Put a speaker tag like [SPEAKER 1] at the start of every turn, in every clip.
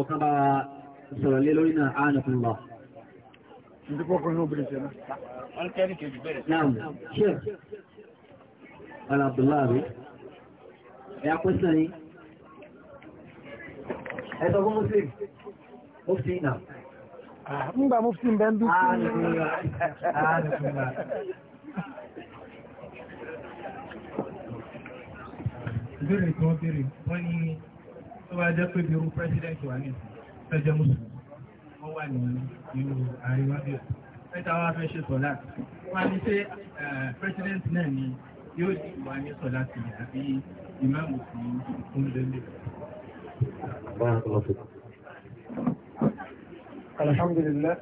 [SPEAKER 1] ọ̀kan bá sọ̀rọ̀ lé lórí náà àánà fún lọ. Ìdíkọ́kùnrin obìnrin jẹ́ náà.
[SPEAKER 2] Wọ́n kẹ́ ní kejì bẹ̀rẹ̀. Náà, ṣe.
[SPEAKER 1] Ọ̀nà Abdullahi. Ẹ̀yà pẹ́sẹ̀ yìí. Ẹ̀sọ́ fún wọ́n ní tó bá jẹ́ pé bírú pẹ́sidẹ́ntì wà ní ìfẹ́jẹ́ mùsùlùmí wọ́n wà ní ìlú àríwá bí ó mẹ́ta wá fẹ́ ṣe sọ̀lá wọ́n ní pé pẹ́sidẹ́ntì náà ni yóò di wà ní sọ̀lá sí àbí ìmáàmù sí oúnjẹ الحمد لله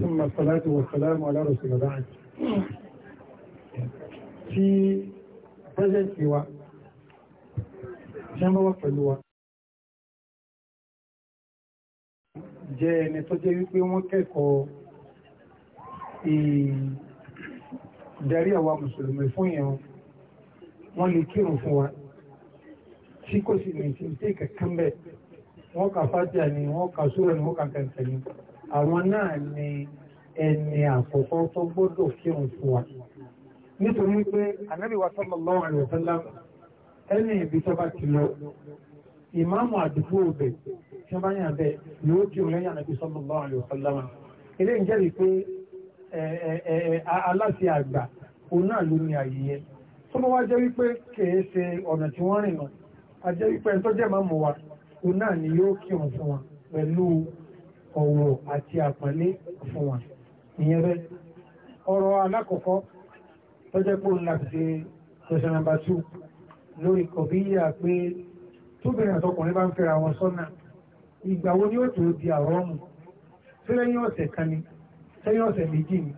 [SPEAKER 1] ثم الصلاة والسلام
[SPEAKER 2] على رسول الله في present wa ṣe mọ́wọ́ pẹ̀lú wa jẹ́ ẹni tó jẹ́ wípé wọ́n kẹ́kọ̀ọ́
[SPEAKER 1] ìdarí àwa mùsùlùmí fún ìyẹn wọ́n lè kírun fún wa tí kò sì ní tí tí kankan bẹ́ẹ̀ wọ́n kà fájà ni wọ́n kà sóra ni wọ́n kà kẹ̀kẹ́ ni àwọn náà ni ẹni àkọ́kọ́ tó gbọ́dọ̀ kírun fún wa nítorí pé ànábì wa sallallahu alaihi wa sallam ẹni ibi tó ti lọ ìmáàmù àdúgbò bẹ̀ tí wọ́n bá yàn bẹ́ẹ̀ yóò kí òun lẹ́yìn ànàbí sallallahu alaihi wasallam ilé ń jẹ́rìí pé aláṣẹ àgbà òun náà ló ní ààyè yẹn tó bá wá jẹ́ wípé kìí ṣe ọ̀nà tí wọ́n rìn náà a jẹ́ wípé ẹni tó jẹ́ máa mọ̀ wa òun náà ni yóò kí òun fún wọn pẹ̀lú ọ̀wọ̀ àti àpọ́nlé fún wọn ìyẹn bẹ́ẹ̀ ọ̀rọ̀ alákọ̀ọ́kọ́ tó jẹ́ pé òun láti ṣe question number two lórí kọ̀bíyà pé tóbìnrin ìgbà wo ni ó tó di àrọ́mù sẹ́yìn ọ̀sẹ̀ kan ni sẹ́yìn ọ̀sẹ̀ méjì ni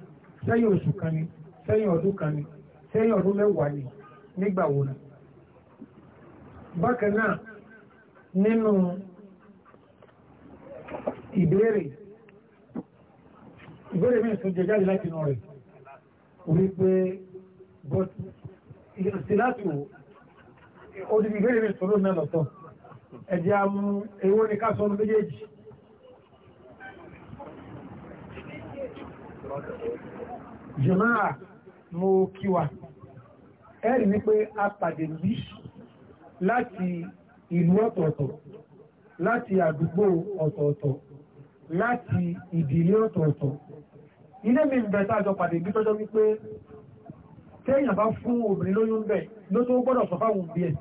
[SPEAKER 1] sẹ́yìn oṣù kan ni sẹ́yìn ọdún kan ni sẹ́yìn ọdún mẹ́wàá ni nígbà wo ni. bákan náà nínú ìbéèrè ìbéèrè mi sùn jẹ jáde láti inú rẹ̀ wípé bọ́t ìrìnsì láti wò ó di ìbéèrè mi sùn lónìí lọ́tọ̀ ẹ̀jẹ̀ amú ewó ní kásọ̀nù méjèèjì jùmáà mo kíwà ẹ̀rì ní pé a pàdé bí láti ìlú ọ̀tọ̀ọ̀tọ̀ láti àdúgbò ọ̀tọ̀ọ̀tọ̀ láti ìdílé ọ̀tọ̀ọ̀tọ̀ ilé mi ń bẹ sáàjọ pàdé bí tọ́jọ́ wípé téèyàn bá fún obìnrin lóyún bẹ̀ ló tó gbọ́dọ̀
[SPEAKER 2] sọ fáwọn òbí ẹ̀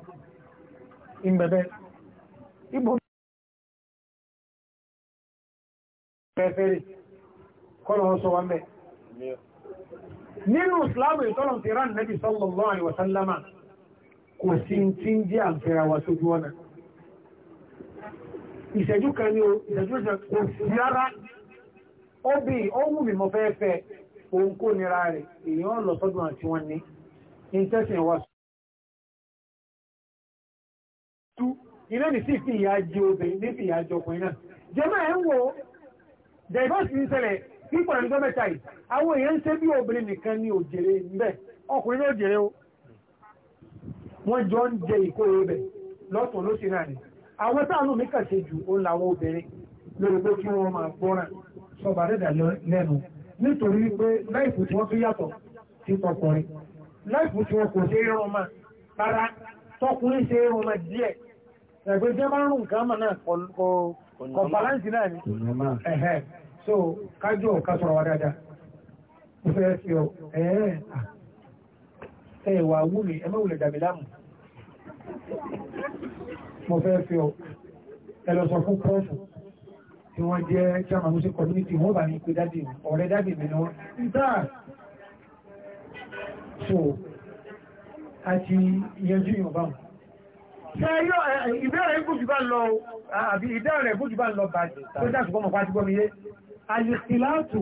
[SPEAKER 2] ìmẹ̀bẹ̀ ibò fẹ́fẹ́rẹ́ kọ́lọ̀ wọ́n sọ wọ́n mẹ́ nínú islamu ìtọ́lọ̀ ti rán nẹ́bí sallallahu alaihi wasallama
[SPEAKER 1] kò sí tí ń jẹ́ àǹfẹ́ra wa sójú ọ̀nà ìṣẹ́jú kan ní ìṣẹ́jú ìṣẹ́ kò sí
[SPEAKER 2] iná ni sí fi ìyá jẹ obìnrin ní fi ìyá jẹ ọkùnrin náà jẹmọ́ ẹ̀ ń wo divorce ní ṣẹlẹ̀ pípọ̀ ní gọ́mẹ́ta yìí àwọn
[SPEAKER 1] èèyàn ń ṣe bí obìnrin nìkan ní òjèrè ńbẹ̀ ọkùnrin ní òjèrè o wọ́n jọ ń jẹ ìkórè bẹ̀ lọ́tún ló sì náà ni àwọn táànù mi kàn ṣe jù ó làwọn obìnrin lórí pé kí wọ́n máa gbọ́ràn sọba tí wọ́n kò ṣe rán ọmọ rárá tọkùnrin ṣe rán ọmọ díẹ̀ ẹgbẹ́ jẹ́ máa ń rùn nǹkan mọ̀ náà kọ̀ balance náà ni ẹ̀hẹ́ so kájọ ká sọ̀rọ̀ wa dáadáa mo fẹ́ fi ọ ẹ̀ẹ́ ẹ wà wúlẹ̀ ẹ mẹ́wùlẹ̀ dàbí láàmù mo fẹ́ fi ọ ẹ lọ sọ fún pọ́ọ̀fù tí wọ́n jẹ́ chairman music community wọ́n bá ní pé dádì ọ̀rẹ́ dádì mi ni wọ́n ń tà so àti yanjú yorùbá wọn. Ìbéèrè ìbújù bá lọ, àbí ìdáhùn rẹ̀ ìbújù bá
[SPEAKER 2] lọ bàjẹ́ tó jáde gbọ́mọ̀ pàtí gbọ́mi yé. Àyèsìláàtù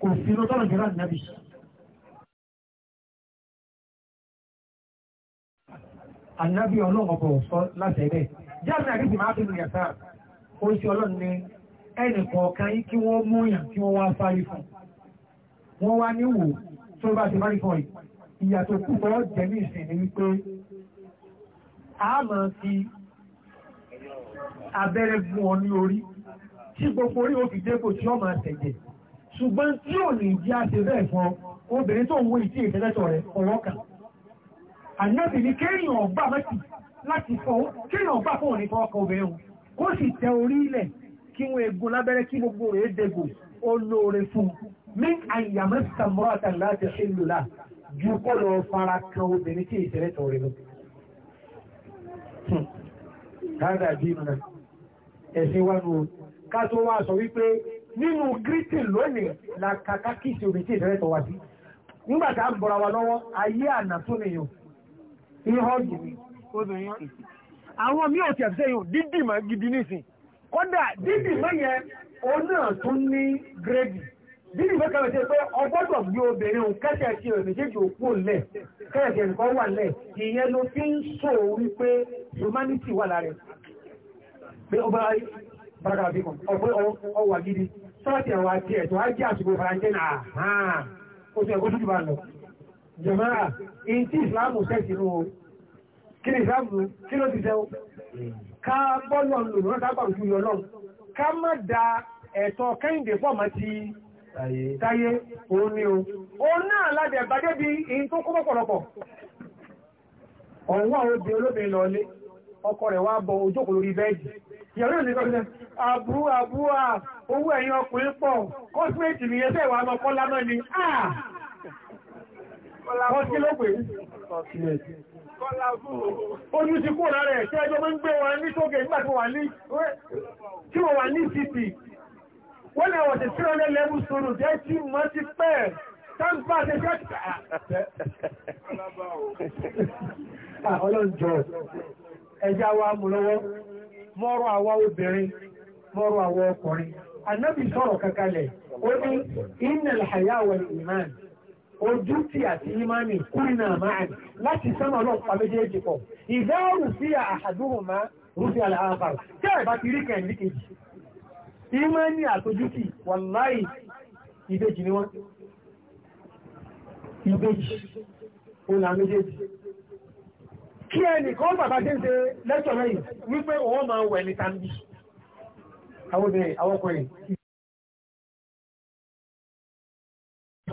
[SPEAKER 2] kò sí ló tọ́nà jẹ́rà nàbì. Ànábì ọlọ́run ọ̀bọ̀ sọ láti ẹ̀bẹ̀. Jáde àrí ti máa fi lù yàtà.
[SPEAKER 1] Ó ń ṣe ọlọ́run ní ẹnì kọ̀ọ̀kan yí kí wọ́n mú yàn kí wọ́n wá sáré fún. Wọ́n wá níwò tó bá ti bá rí fún ìyàtọ̀ púpọ̀ jẹ́ ìsìn ní wípé àmọ́ fi abẹ́rẹ́ gún ọ ní orí tí gbogbo orí ó fi dépò tí ọmọ àtẹ̀jẹ̀ ṣùgbọ́n tí ò ní ìdí àti bẹ́ẹ̀ fún ọ obìnrin tó ń wo ìdí ìtẹ́lẹ́tọ̀ rẹ̀ ọwọ́ kan ànábì ní kéèyàn ọgbà mẹ́tì láti fọ́ kéèyàn ọgbà fún òní fọwọ́ kan obìnrin òun kó sì tẹ orí ilẹ̀ kí wọ́n egun lábẹ́rẹ́ kí gbogbo rẹ̀ dégò olóore fún mi àyàmẹ́sàmọ́ àtàlá àti ṣe lò lá ju kọ́ lọ fara kan obìnrin tí ìtẹ́lẹ́tọ̀ rẹ̀ lọ́gbọ̀n dáadáa àdínú náà ẹ̀sìn wá nù ká tó wá sọ wípé nínú gírítì lónìí la kàkà kí ìṣe òbí tí ìdẹ́rẹ́ tọ́ wá sí nígbà tá ń bọ̀ra wa lọ́wọ́ ayé àná tó nìyàn ìhọ́ọ̀dù mi àwọn mí ò tí ẹ̀fẹ́ yóò gidi nísìn kódà dídì máa yẹ náà tún ní gírèdì Bíbí ìfẹ́ kẹrẹ̀ ṣe pé ọgbọ́dọ̀ bí obìnrin òun kẹ́sẹ̀ tí rẹ̀ méjèèjì òkú lẹ̀, kẹ́ẹ̀kẹ́ nǹkan wà lẹ̀, ìyẹn ló fi ń sọ wípé humanity wà lára rẹ̀. Pé ọba bàràkà àbí kan, ọ̀pẹ́ ọwà gidi, sọ́ọ̀tì àwọn àti ẹ̀tọ́ á jẹ́ àsìkò faransé náà, ó ti ẹ̀kọ́ dúdú bá lọ. Jọ̀mọ́ra, èyí tí ìsìláàmù sẹ́sì nù o, kí ni ìsìláàmù kí ló ti sẹ́ o? Ká bọ́ọ̀lù ọ̀nà lòdùn náà sábà òjú yọ lọ́run, ká má da ẹ̀tọ́ kẹ́hìndé pọ̀ mọ́ ti táyé òun ni o òun náà láti ẹ̀bàdé bí in tó kọ́ pọ̀pọ̀lọpọ̀ ọ̀wọ́ obìnrin olóbìnrin ọkọ rẹ̀ wá bọ ojókòó lórí bẹ́ẹ̀dì ìyàwó ìlú ìkọ́sílẹ̀ àbú àbú à owó ẹ̀yìn ọkùnrin pọ̀ kọ́lá ni kọ́sí ló pè when I was 300 level student, that team multiplied. Thank God they got
[SPEAKER 2] Ah, ọlọ́njọ́
[SPEAKER 1] ẹja wa mú mọ́rọ̀ àwa obìnrin, mọ́rọ̀ àwa ọkùnrin. Ànábì kankalẹ̀, ó ní ojú àti imani máa láti sánà ọlọ́pàá méjèèjì pọ̀. sí máa àlàáfàá. Tẹ́ẹ̀ bá ti rí ìmánì àtójútì wàláì ìbejì ni wọ́n
[SPEAKER 2] ìbejì òun àwọn méjèèjì kí ẹnìkan bàbá jẹ́ ń ṣe lẹ́tọ̀ lẹ́yìn wípé òun máa wẹ̀ ní tàbí àwọn obìnrin àwọn ọkùnrin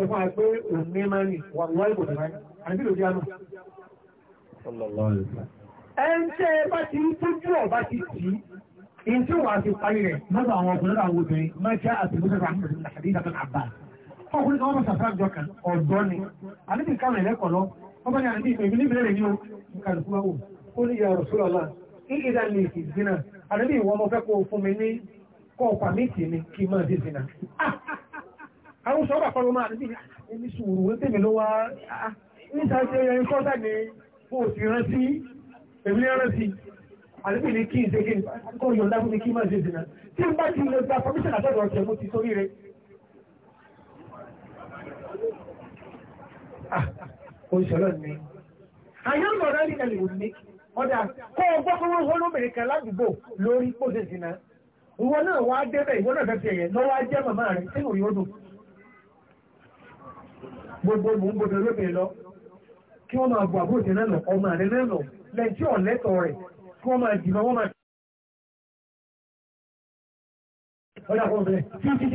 [SPEAKER 2] ọmọ àgbé òun ní máa ní wà wọ́n ìbò dìbáyé àti lòdí àmà
[SPEAKER 1] ẹn tẹ́ bá ti ń tójú ọ̀bá ti tì í in tí wà sí parí rẹ̀ lọ́dọ̀ àwọn ọkùnrin àwọn obìnrin mẹ́ta àti mọ́sẹ̀ àmúlẹ̀ ní àdé ìdàkọ̀ àbá ọkùnrin kan wọ́n sàfẹ́ àjọ kan ọ̀dọ́ ni àdébì kan rẹ̀ lẹ́kọ̀ọ́ lọ wọ́n bá ní àdébì ìpè ní ìbílẹ̀ rẹ̀ ní o kàlùkù wá wò ó ní ìyàrá sọ́lá lá ní ìdá ní ìsì zina àdébì ìwọ ọmọ fẹ́ kó fún mi ní kọ́ ọ̀pá méjì ni kí máa dé zina. àwọn sọ́ọ́ bàbá ló máa ní sùúrù wé tèmi ló wá níta ṣe ẹyin kọ́ta ni mo sì àlébì ní kí n ṣe kí n kó yọ̀ǹda fún mi kí n má ṣe dènà tí n bá ti lè gba permission àtọ̀dọ̀ ọ̀sẹ̀ mo ti sórí rẹ̀. Ah, ó ń sọ̀rọ̀ mi. àyàn mọ̀rọ̀ ní ẹ̀lì òní kó o gbọ́ fún wọn lómìnir kan ládùúgbò lórí pòṣẹ̀ dènà ìwọ náà wá débẹ̀ ìwọ náà fẹ́ẹ́ fi lọ́wọ́ á jẹ́ màmá rẹ̀ sínú ìyọ́dún
[SPEAKER 2] gbogbo mò ń gbogbo lóbìnrin lọ kí wọ́n máa bọ̀ àbúrò kó máa jìnà wọ́n máa ọjà kọ́ bẹ̀rẹ̀ tí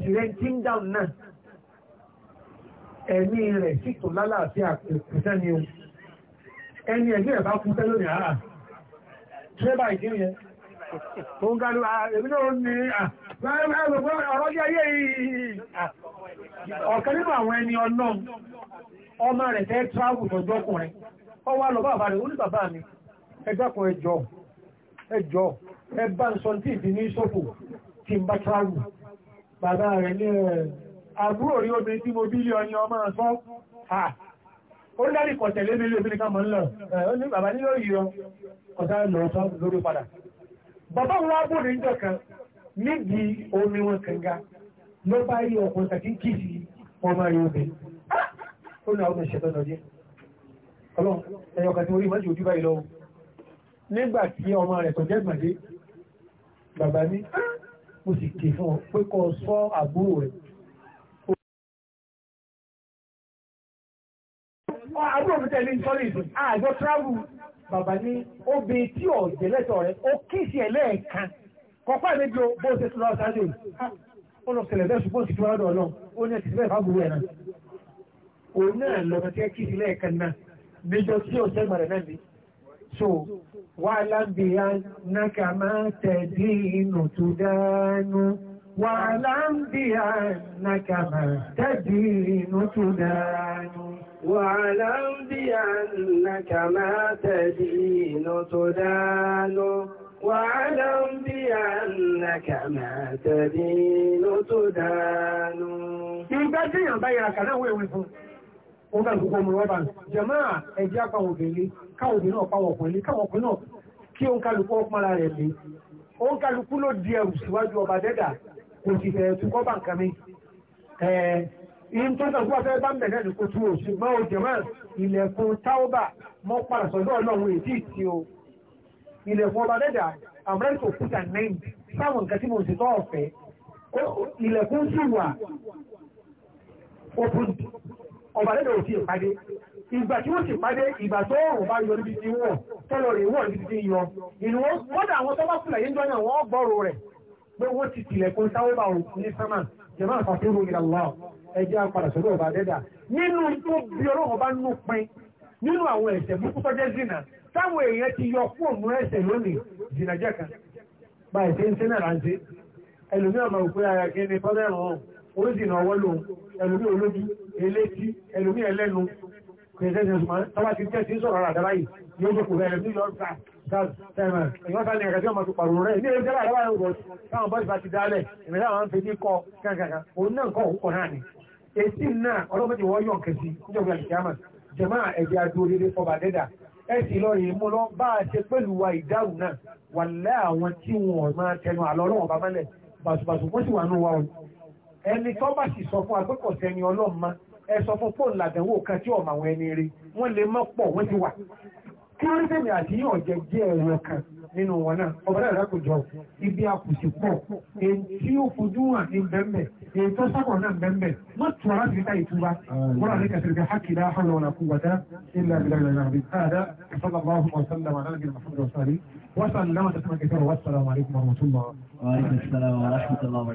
[SPEAKER 1] tí ẹni ẹ̀mí rẹ̀ bá kú ní ara tírẹ́bà ìdín yẹn ń gánú èmi náà ní ọ̀rọ̀ jẹ́ ayé yìí
[SPEAKER 2] ọ̀kan nínú àwọn ẹni ọlọ́run
[SPEAKER 1] ọmọ rẹ̀ fẹ́ ọwọ́ lọ bàbá rẹ̀ oní bàbá mi ẹgbẹ́kùn ẹjọ́ ẹjọ́ ẹbá ń sọ tí ìdí ní sọ́fò tí ń bá tráàrù bàbá rẹ̀ ní àbúrò rí omi tí mo bílí ọyìn ọmọ sọ ha ó dárí kọ̀tẹ̀lé mi lóbi nìkan mọ̀ ń lọ ó ní bàbá nílò yìí ọ kọ̀tà lọ sọ lórí padà bàbá wọn wá bòrò níjọ kan níbi omi wọn kànga ló bá rí ọkùnrin tàbí kìsì ọmọ yóò bẹ ó ní àwọn ìṣẹ̀tọ́ náà ọlọ́run ẹyọ kan tí orí mọ́jú ojú báyìí lọ́wọ́ nígbà tí
[SPEAKER 2] ọmọ rẹ̀ tó jẹ́gbàdé bàbá ní ah! mo sì ké fún ọ pé kó sọ àbúrò rẹ̀ àbúrò mi tẹ̀lé ìsọ́lé ìsìn àjọ ah, travel bàbá ní obè tí ò
[SPEAKER 1] jẹ́lẹ́tọ̀ rẹ̀ ó kí sí ẹ̀ lẹ́ẹ̀kan kọ́pá ìmẹ́jọ bó ṣe tún lọ́wọ́ sáré ó lọ sẹlẹ̀ bẹ́ẹ̀ ṣùgbọ́n sì tún lọ́dọ̀ ọlọ́run ó ní ẹ̀sìn bẹ́ẹ̀ fábùrú ẹ̀ náà òun náà lọ́mọ tí náà níjọ tí ò sẹ́gbọ̀n rẹ̀ náà bí so wà lábìyà náka máa tẹ̀dí inú tó dánú wà lábìyà náka máa tẹ̀dí inú tó dánú. واعلم بأنك ما تدين تدان واعلم بأنك ما تدين تدان. Ìgbẹ́jìyàn báyìí àkàlẹ́ òwe ìwé fún wọ́n kàn gbogbo ọmọ rọ́bà jẹ̀mọ́ ẹ̀jẹ̀ apáwọn obìnrin káwọn obìnrin náà pàwọn ọkùnrin káwọn ọkùnrin náà kí òun kálukú ọpọlọ rẹ̀ lé òun kálukú ló di ẹrù síwájú ọba dẹ́dà kò sì fẹ̀ẹ́ tún kọ́bà nǹkan mi ìyẹn tó tàn fún afẹ́ bá ń bẹ̀rẹ̀ ní kò tún o ṣùgbọ́n o jẹ̀mọ́ ilẹ̀kùn táwọ́bà ọba lẹ́dọ̀ òfin ìpàdé ìgbà tí wọ́n sì pàdé ìgbà tó ọ̀rùn bá yọ níbi tí wọ́n tọ́lọ rẹ̀ wọ́n níbi tí yọ ìlú wọn kọ́dà àwọn tó bá fúnlẹ̀ yín jọ náà wọ́n gbọ́rò rẹ̀ pé wọ́n ti tilẹ̀kùn sáwọ́bà òkú ní sámà jẹ̀mọ́ àfàfihàn òmìnira lọ ẹjẹ́ apàdà sọ́dọ̀ ọba dẹ́dà nínú tó bí ọlọ́run bá nú pin nínú àwọn ẹ̀ṣẹ̀ burúkú tó jẹ́ zina táwọn èèyàn ti yọ kú òmùrẹ́ ẹ̀ṣẹ̀ lónìí zina jẹ́ kan bá ẹ̀ṣẹ̀ ń ṣe náà láǹṣe ẹlòmíràn máa wò pé ara kí ni pọ́lẹ́rùn-ún orí zina ọwọ́ lòun ẹlòmíràn olójú eléti ẹlòmí ẹlẹ́nu kẹsẹ̀sẹ̀ ṣùgbọ́n tọ́wà ti jẹ́ sí sọ̀rọ̀ àdára yìí yóò jẹ́ kò rẹ̀ ní lọ Ìwọ́n ta ni ẹ̀kẹ́ tí wọ́n máa tó pàrọ̀ rẹ̀ ní ẹgbẹ́ àdáwà ẹ̀rọ rọ̀ táwọn bọ́ọ̀sì bá ti dálẹ̀ ìrìnlẹ̀ àwọn fi ní kọ́ kankan òun náà kọ́ òun kọ̀ náà ni. Èsì náà ọlọ́mọdé wọ́n yọ̀ kẹsì níjọba ìkíyàmà jẹ̀má ẹ̀jẹ̀ adúréré fọba dẹ́dà ẹ̀sì lọ rèé mú lọ bá a ṣe pẹ̀lú wa ìdáhùn náà wà lẹ́ àwọn tí wọ́n máa tẹnu àlọ́ ọlọ́wọ́n bá mọ́lẹ̀ bàṣùbàṣù wọ́n sì wà nù wa ọ̀hún ẹni tó bá sì sọ fún agbẹ́kọ̀ọ́sẹ́ ẹni ọlọ́run ma ẹ sọ fún fóònù làdánwò kan tí ọmọ àwọn ẹni rí wọ́n lè mọ́ pọ̀ wọ́n ti wà kí wọ́n tẹ̀mí àdíyàn jẹ jẹ́ ẹ̀rọ kan nínú wọn náà ọba náà rẹ̀ kò jọ ibi àkùsì pọ̀ èyí tí ó fojú hàn ní bẹ́ẹ̀mẹ̀ èyí tó sákọ̀ náà bẹ́ẹ̀mẹ̀ má tù ọ́ láti ríta ìtura wọ́n rà ní kẹsìrìkẹ́ hákìlá hàlọ́ ọ̀nà kú wàdá ilẹ̀ abilà ìlànà àbí káàdá ìfọ́nà bá ọ̀hún ọ̀sán làwọn aláàbí mọ̀fọ́dọ̀ sáré wọ́n sàn wọ́n sàlámù